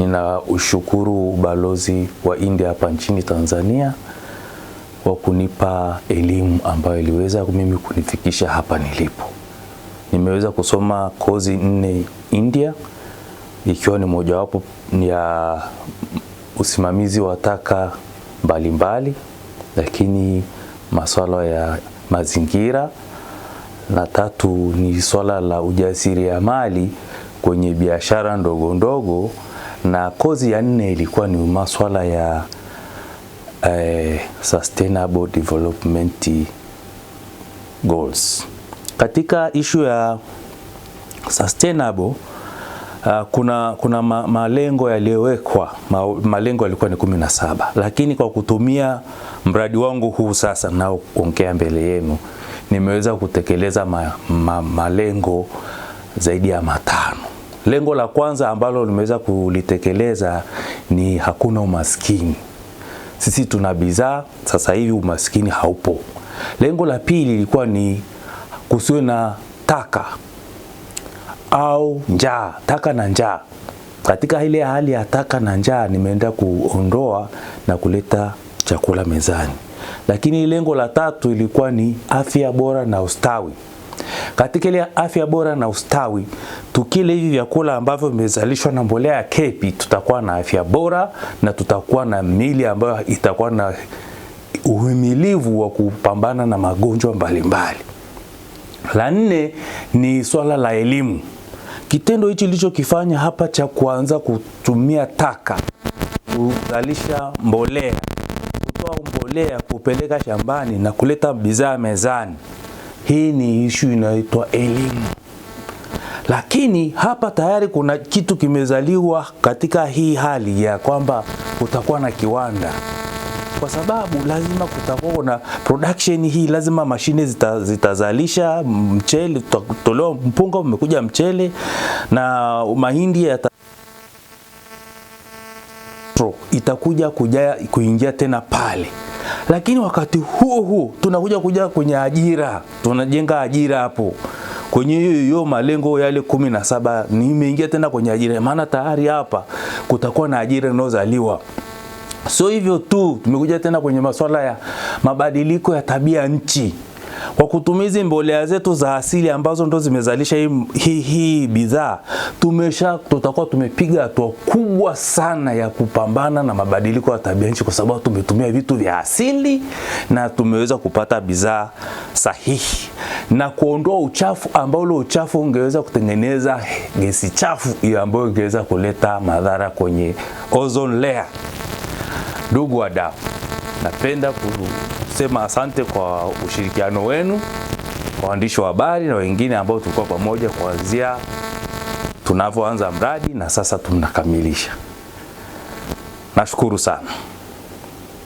Nina ushukuru ubalozi wa India hapa nchini Tanzania kwa kunipa elimu ambayo iliweza mimi kunifikisha hapa nilipo. Nimeweza kusoma kozi nne India, ikiwa ni mojawapo ya usimamizi wa taka mbalimbali, lakini masuala ya mazingira, na tatu ni swala la ujasiriamali kwenye biashara ndogo ndogo na kozi ya nne ilikuwa ni maswala ya eh, sustainable development goals. Katika ishu ya sustainable uh, kuna, kuna ma, malengo yaliyowekwa ma, malengo yalikuwa ni kumi na saba, lakini kwa kutumia mradi wangu huu sasa kuongea mbele yenu nimeweza kutekeleza ma, ma, malengo zaidi ya matano Lengo la kwanza ambalo limeweza kulitekeleza ni hakuna umaskini. Sisi tuna bidhaa, sasa hivi umaskini haupo. Lengo la pili lilikuwa ni kusiwe na taka au njaa, taka na njaa. Katika ile hali ya taka na njaa, nimeenda kuondoa na kuleta chakula mezani. Lakini lengo la tatu ilikuwa ni afya bora na ustawi. Katika ile afya bora na ustawi, tukile hivi vyakula ambavyo vimezalishwa na mbolea ya kepi, tutakuwa na afya bora na tutakuwa na mili ambayo itakuwa na uhimilivu wa kupambana na magonjwa mbalimbali. La nne ni swala la elimu. Kitendo hichi ilichokifanya hapa cha kuanza kutumia taka kuzalisha mbolea, kutoa mbolea, kupeleka shambani na kuleta bidhaa mezani. Hii ni ishu inaitwa elimu. Lakini hapa tayari kuna kitu kimezaliwa katika hii hali ya kwamba kutakuwa na kiwanda, kwa sababu lazima kutakuwa na production hii, lazima mashine zita, zitazalisha mchele, tutatolewa mpunga, umekuja mchele na mahindi yata itakuja kuja kuingia tena pale. Lakini wakati huo huo tunakuja kuja kwenye ajira, tunajenga ajira hapo kwenye hiyo hiyo malengo yale kumi na saba nimeingia tena kwenye ajira, maana tayari hapa kutakuwa na ajira inayozaliwa. Sio hivyo tu, tumekuja tena kwenye masuala ya mabadiliko ya tabia nchi kwa kutumizi mbolea zetu za asili ambazo ndo zimezalisha hii, hi, hi, bidhaa tumesha tutakuwa tumepiga hatua kubwa sana ya kupambana na mabadiliko ya tabia nchi, kwa sababu tumetumia vitu vya asili na tumeweza kupata bidhaa sahihi na kuondoa uchafu ambao ule uchafu ungeweza kutengeneza gesi chafu hiyo ambayo ingeweza kuleta madhara kwenye ozone layer. Ndugu wadau Napenda kusema asante kwa ushirikiano wenu kwa waandishi wa habari na wengine ambao tulikuwa pamoja kuanzia tunavyoanza mradi na sasa tunakamilisha. Nashukuru sana.